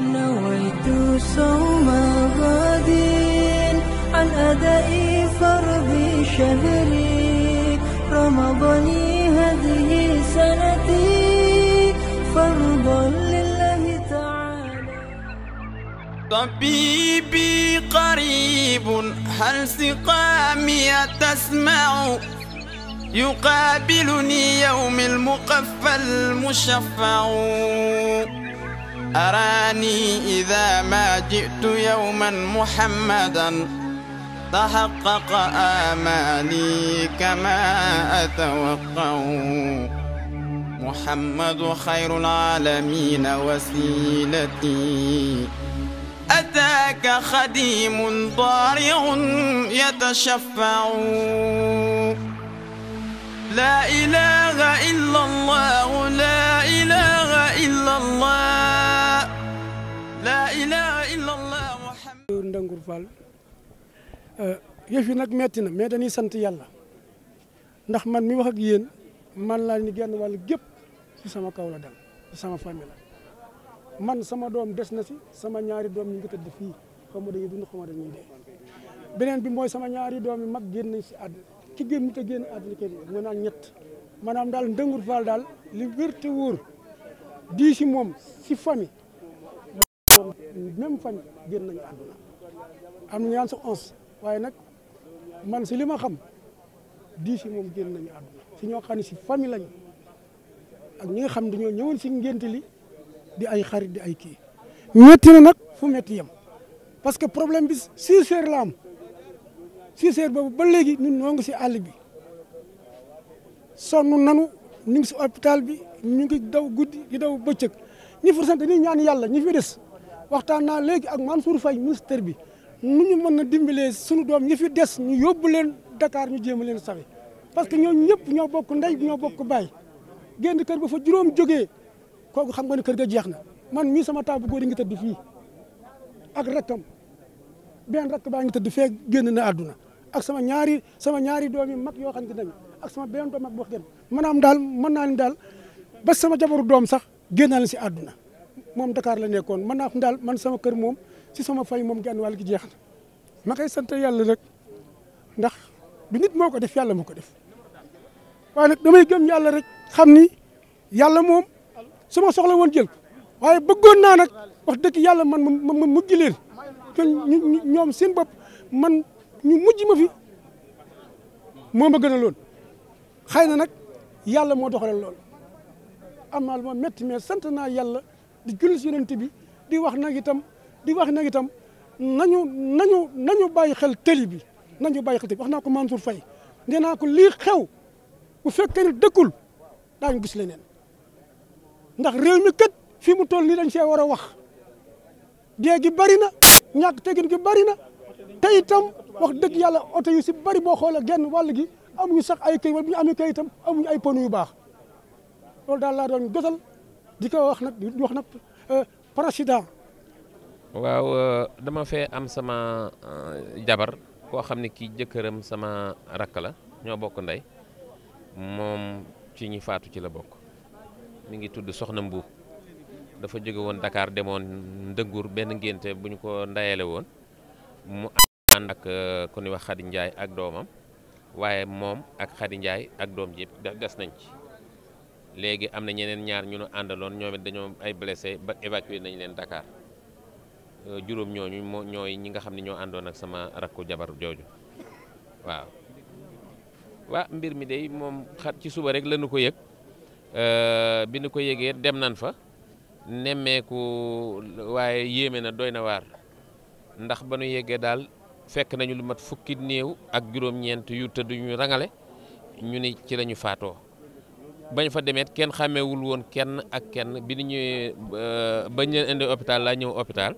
نويت صوم غد عن أداء فرض شهري رمضان هذه سنتي فرضا لله تعالى طبيبي قريب هل سقامي تسمع يقابلني يوم المقفى المشفع أراني إذا ما جئت يوما محمدا تحقق آمالي كما أتوقع محمد خير العالمين وسيلتي أتاك خديم ضارع يتشفع لا إله إلا الله لا Fall euh, yëf yi nag metti na mais dañuy sant yàlla ndax man mi wax ak yéen man laa ni genn wàll gépp ci sama kaw la dal ci sama famille la man sama doom des na si sama ñaari doom ñu ngi tëdd fii xaw ma dañuy dund xaw ma dañuy dee beneen bi mooy sama ñaari doom yi mag génn nañ ci àdduna ki génn te génn àdduna kër yi ñett maanaam daal Ndëngur Fall daal li wér te wóor moom si famille même famille génn nañu am na ñaan sa onze waaye nag man si li ma xam dix si moom génn nañu àdduna si ñoo xam ne si famille lañu ak ñi nga xam dañoo ñëwoon si ngénte li di ay xarit di ay kii métti nag fu métti yem parce que problème bi six heures la am six heures boobu ba léegi ñun ñoo ngi si àll bi sonn nanu ñu ngi si hôpital bi ñu ngi daw guddi di daw bëccëg ñi fur sant ni ñaan yàlla ñu fi des waxtaan naa léegi ak Mansour Faye ministre bi nu ñu mën na dimbalee suñu doom ñi fi des ñu yóbbu leen Dakar ñu jéem a leen sawi parce que ñoom ñëpp ñoo bokku ndey ñoo bokk baay génn kër ba fa juróom jógee kooku xam nga ne kër ga jeex na man mii sama taabu góor yi ngi tëdd fii ak rakkam benn rakk baa ngi tëdd fee génn na àdduna ak sama ñaari sama ñaari doom yi mag yoo xam ne ak sama benn doom mag boo xam ne maanaam daal mën naa leen daal ba sama jabaru doom sax génn na si àdduna moom Dakar la nekkoon man naa daal man sama kër moom. ci sama fay moom genn wàll ki jeex na ma koy sant yàlla rek ndax du nit moo ko def yàlla moo ko def waaye nag damay gëm yàlla rek xam ni yàlla moom su ma soxla woon jël waaye bëggoon naa nag wax dëgg yàlla man ma ma mujj leen ñu ñoom seen bopp man ñu mujj ma fi moo ma gën a loon xëy na nag yàlla moo doxalee lool am naa lu ma métti sant naa yàlla di julli si yonent bi di wax nag itam. di wax nag itam nañu nañu nañu bàyyi xel tëli bi nañu bàyyi xel tëli wax naa ko Mansour Faye nee naa ko lii xew bu fekkee ne dëkkul daañu gis leneen ndax réew mi kat fii mu toll nii dañ see war a wax dee gi bari na ñàkk tegin gi bari na te itam wax dëgg yàlla oto yu si bari boo xoolee genn wàll gi amuñu sax ay kay wala bu ñu amee kay itam amuñu ay pneu yu baax loolu daal laa doon jotal di ko wax nag di wax nag euh, waaw euh, dama fee am sama euh, jabar koo xam ne kii jëkkëram sama rakk la ñoo bokk ndey moom ci ñi faatu ci la bokk mu ngi tudd Soxna Mbuub dafa jóge woon Dakar demoon Ndëngur benn ngénte bu ñu ko ndayale woon mu ànd ak euh, ku ñuy wax Xadi Njaay ak doomam waaye moom ak Xadi Njaay ak doom ji des nañ ci léegi am na ñeneen ñaar ñu nu àndaloon ñoom it dañoo ay blessé ba évacué nañu leen dakaar Euh, juróom ñooñu moo ñoo ñi nga xam ne ñoo àndoon ak sama rakku jabar jooju waaw waa mbir mi day moom xat ci suba rek lanu ko yëg euh, bi nu ko yëgee dem nan fa nemmeeku waaye yéeme na doy na waar ndax ba nu yëgee daal fekk nañu lu mat fukki néew ak juróom-ñeent yu tëdd ñu rangale ñu ni ci lañu faatoo bañ fa demeet kenn xàmmewul woon kenn ak kenn bi ñu ñuy euh, bañ leen indi hôpital laa ñëw hôpital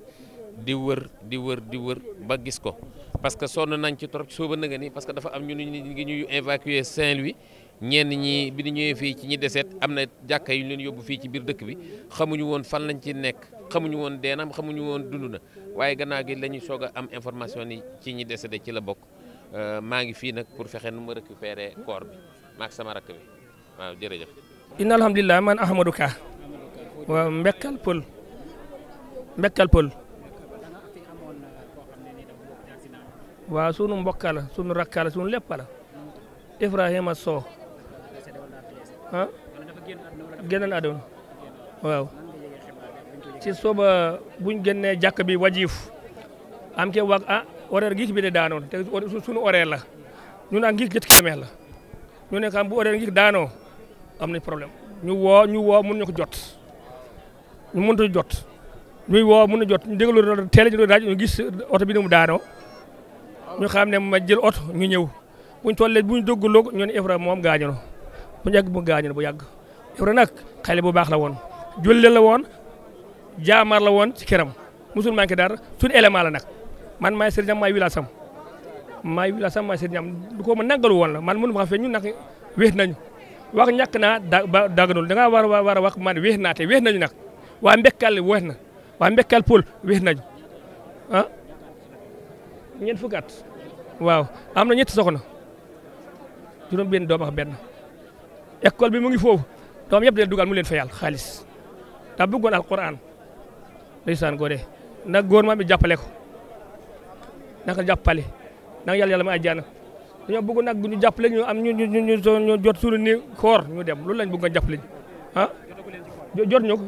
di wër di wër di wër ba gis ko parce que sonn nañ ci trop sooba na nga ni parce que dafa am ñu ñu ngi ñuy évacuer Saint-Louis ñenn ñi bi ñu ñëwee fii ci ñi deseet am na jàkka yu ñu leen yóbbu fii ci biir dëkk bi xamuñu woon fan lañ ci nekk xamuñu woon deenam xamuñu woon dund na waaye gannaaw gi la ñuy soog am information ni ci ñi décédé ci la bokk euh, maa ngi fii nag pour fexe nu ma récupérer corps bi ak sama rakk bi waaw jërëjëf. inna man Ahmadou Ka. waaw Mbekkal Pël waaw sunu mbokka la sunu rakka la sunu lépp la Ibrahima Sow ah génnal àdduna waaw ci soba buñ génnee jàkk bi wajiif am ke wax ah horaire ngiik bi de daanoon sunu horaire la ñu naan ngiik jët kilomètre la ñu ne kam bu horaire ngiik daanoo am nañ problème ñu woo ñu woo mën ñu ko jot ñu mënut a jot ñuy woo mën a jot ñu déglu teel ñu ñu gis oto bi ni mu daanoo ñu xam ne ma jël oto ñu ñëw buñ tollee buñ dëggaloo ñu ne Ibra moom gaañu na bu yàgg bu gaañu na bu yàgg Ibra nag xale bu baax la woon julli la woon jaamar la woon ci këram musul manqué dara suñu élément la nag man maay sëriñam maay wilaasam maay wilaasam maay sëriñam du ko ma nangalu woon la man mënu ma xam ñun nag wéet nañu wax ñàkk naa da daganul da ngaa war a war a wax man wéet naa te na nañu nag waa Mbekkal wéet na waa Mbekkal Poul wéet nañu ah ñeent fukki waaw am na ñetti soxna juróom benn doom ak benn école bi mu ngi foofu doom yëpp dee dugal mu leen fayal xaalis daa bëggoon alquran ndeysaan goo dee ndax góor maa bi jàppale ko naka jàppale naka yàlla yàlla ma àjjana dañoo bëgg nag ñu jàppale ñu am ñu ñu jot suñu ni koor ñu dem loolu lañ bëgg nga jàppale ñu ah jot ñu ko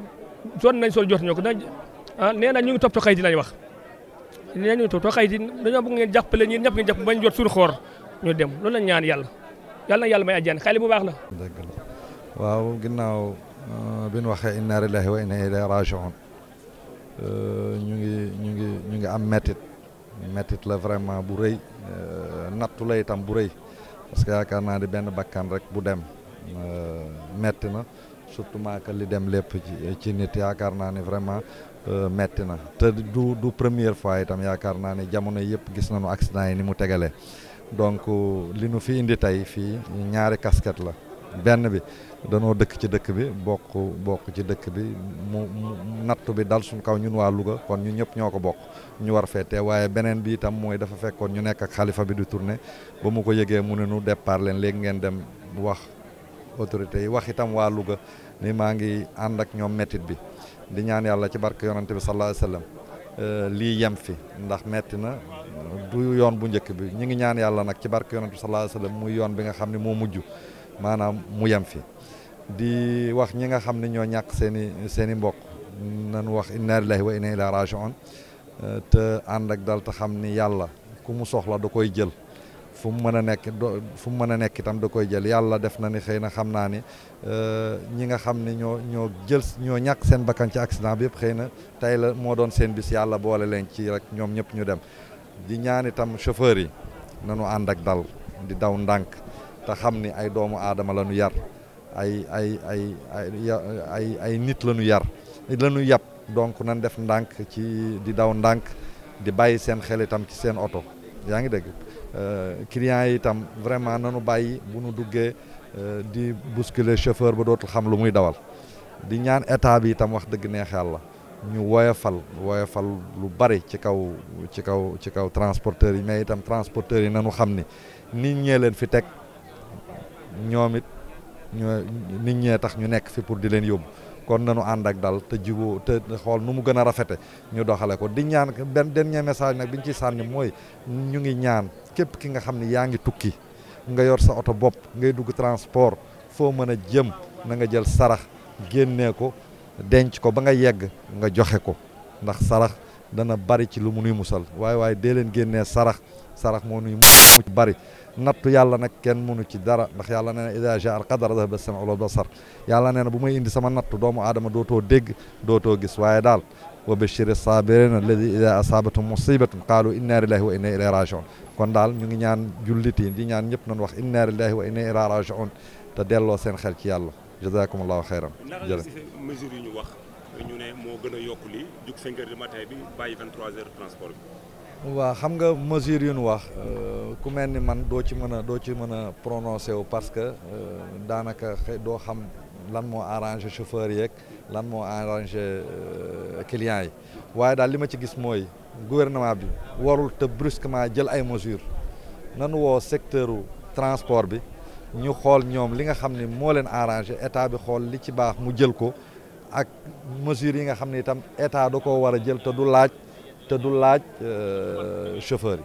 jot nañ sol jot ñu ko ah nee na ñu ngi topp di lañ wax nee nañu toog xëy si dañoo bëgg ngeen jàppale ñun ñëpp ngeen jàpp bañ jot suñu xoor ñu dem loolu lañ ñaan yàlla yàlla na yàlla may àjjana xale bu baax la. dëgg la waaw ginnaaw euh, bi ñu waxee inna lillahi wa inna ilayhi raji'un euh, ñu ngi ñu ngi ñu ngi am mettit mettit la vraiment bu rëy euh, nattu la itam bu rëy parce yaakaar naa di benn bakkan rek bu dem metti na surtout maaka li dem lépp ci ci nit yaakaar naa ni vraiment Euh, metti na te du du première fois itam yaakaar naa ni jamono yëpp gis na nañu accident yi ni mu tegalee donc li nu fi indi tey fii ñaari kasket la benn bi danoo dëkk ci dëkk bi bokk bokk ci dëkk bi mu nattu bi dal suñ kaw ñun waa Louga kon ñu ñëpp ñoo ko bokk ñu war fee teew waaye beneen bi itam mooy dafa fekkoon ñu nekk ak xalifa bi du tourné ba mu ko yëgee mu ne nu départ leen léegi ngeen dem wax autorité yi wax itam waa Louga ni maa ngi ànd ak ñoom mettit bi di ñaan yàlla ci barke yonante bi sallallahu alayhi wa euh, lii yem fi ndax metti na du yoon bu njëkk bi ñu ngi ñaan yàlla nag ci barke yonante bi sallallahu alayhi muy yoon bi nga xam ne moo mujj maanaam mu yem fi di wax ñi nga xam ne ñoo ñàkk seen i seen i mbokk nañ wax inna lillahi wa inna ilayhi euh, te ànd ak dal te xam ni yàlla ku mu soxla da koy jël fu mu mën a nekk do fu mu mën a nekk itam da koy jël yàlla def na ni xëy na xam naa ni euh, ñi nga xam ne ñoo ñoo jël ñoo ñàkk seen bakkan ci accident bi yëpp xëy na tey la moo doon seen bis yàlla boole leen ci rek ñoom ñëpp ñu dem di ñaan itam chauffeur yi nañu ànd ak dal di daw ndànk te xam ni ay doomu aadama la ñu yar ay ay ay ay ay nit la ñu yar la ñu yàpp donc nan def ndànk ci di daw ndànk di bàyyi seen xel itam ci seen oto yaa ngi dégg Euh, clients yi itam vraiment nanu bàyyi bu nu duggee euh, di bousculer chauffeur ba dootul xam lu muy dawal di ñaan état bi itam wax dëgg neex yàlla ñu wooye fal wooye fal lu bari ci kaw ci kaw ci kaw transporteurs yi mais itam transporteurs yi nanu xam ni nit ñee leen fi teg ñoom it ñoo nit ñee tax ñu nekk fi pour di leen yóbbu kon nañu ànd ak dal te juboo te xool nu mu gën a rafete ñu doxale ko di ñaan benn dernier message nag bi ñu ci sànni mooy ñu ngi ñaan képp ki nga xam ne yaa ngi tukki nga yor sa oto bopp ngay dugg transport foo mën a jëm na nga jël sarax génnee ko denc ko ba nga yegg nga joxe ko ndax sarax dana bari ci lu mu nuy musal waaye waaye dee leen génnee sarax sarax moo nuy mu ci bari nattu yàlla nag kenn mënu ci dara ndax yàlla nee na ida ja al qadara dahaba as-sam'u wal basar yàlla nee na bu may indi sama nattu doomu aadama dootoo dégg dootoo gis waaye daal wa bashiri sabirin alladi ida asabatum musibatun qaalu inna lillahi wa inna ilayhi raji'un kon daal ñu ngi ñaan jullit yi di ñaan ñëpp nañ wax inna lillahi wa inna ilayhi te delloo seen xel ci yàlla jazakumullahu xayran mesure yi ñu gën a yokk li jug 5 heures du matin bi bàyyi 23 heures transport bi waaw xam nga mesure yu nu wax euh, ku mel ni man doo ci mën a doo ci mën a prononcé wu parce que euh, daanaka doo xam lan moo arrangé chauffeur yeeg lan moo arrangé euh, clients yi waaye daal li ma ci gis mooy gouvernement bi warul te brusquement jël ay mesures nanu woo secteur transport bi ñu xool ñoom li nga xam ni moo leen arrangé état bi xool li ci baax mu jël ko ak mesures yi nga xam ne itam état da ko war a jël te du laaj. te du laaj euh, chauffeur yi.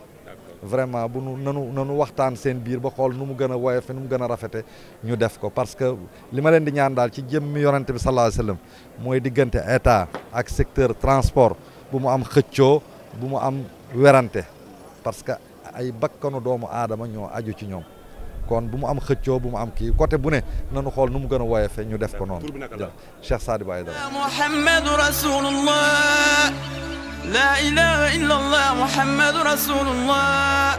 vraiment bu nu nanu nanu waxtaan seen biir ba xool nu mu gën a woyofe nu mu gën a rafete ñu def ko parce que li ma leen di ñaan daal ci jëmmi yonent bi sallallahu alayhi wasallam mooy diggante état ak secteur transport bu mu am xëccoo bu mu am werante parce que ay bakkanu doomu aadama ñoo aju ci ñoom kon bu mu am xëccoo bu mu am kii côté bu ne nanu xool nu mu gën a woyofe ñu def ko noonu Cheikh Sadibou Aïdara Muhammad Rasulullah لا إله إلا الله محمد رسول الله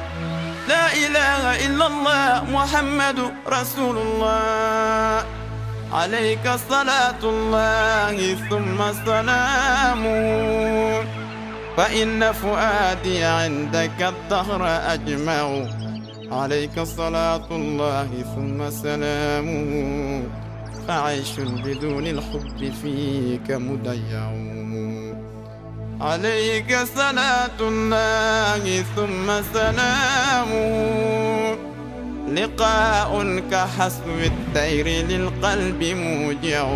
لا إله إلا الله محمد رسول الله عليك صلاة الله ثم السلام فإن فؤادي عندك الدهر أجمع عليك صلاة الله ثم سلام فعيش بدون الحب فيك مضيع عليك صلاة الله ثم سلامه لقاء كحسب الدير للقلب موجع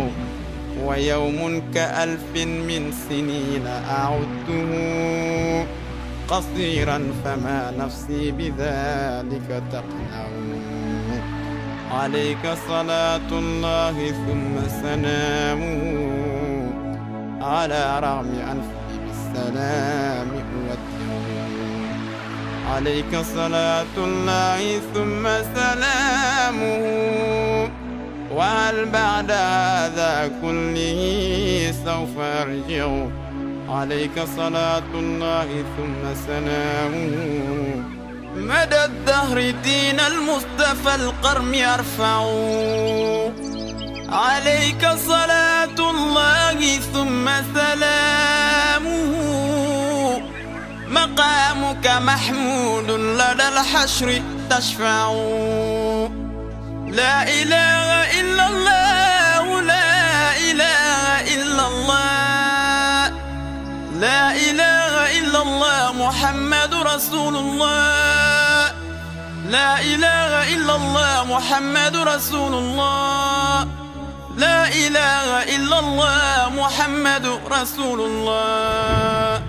ويوم كألف من سنين أعدته قصيرا فما نفسي بذلك تقنع عليك صلاة الله ثم سلامه على رغم أنفسك الأنام والدهور عليك صلاة الله ثم سلامه وهل بعد هذا كله سوف أرجع عليك صلاة الله ثم سلامه مدى الدهر دين المصطفى القرم يرفع عليك صلاة الله ثم سلامه محمود لدى الحشر تشفع لا إله إلا الله لا إله إلا الله لا إله إلا الله محمد رسول الله لا إله إلا الله محمد رسول الله لا إله إلا الله محمد رسول الله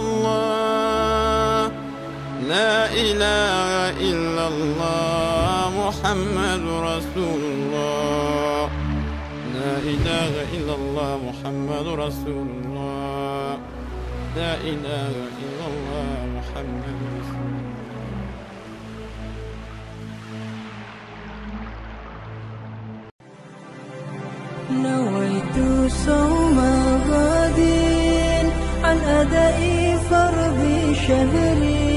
الله لا إله إلا الله محمد رسول الله لا إله إلا الله محمد رسول الله لا إله إلا الله محمد رسول الله نويت صوم غد عن أدائي şeveri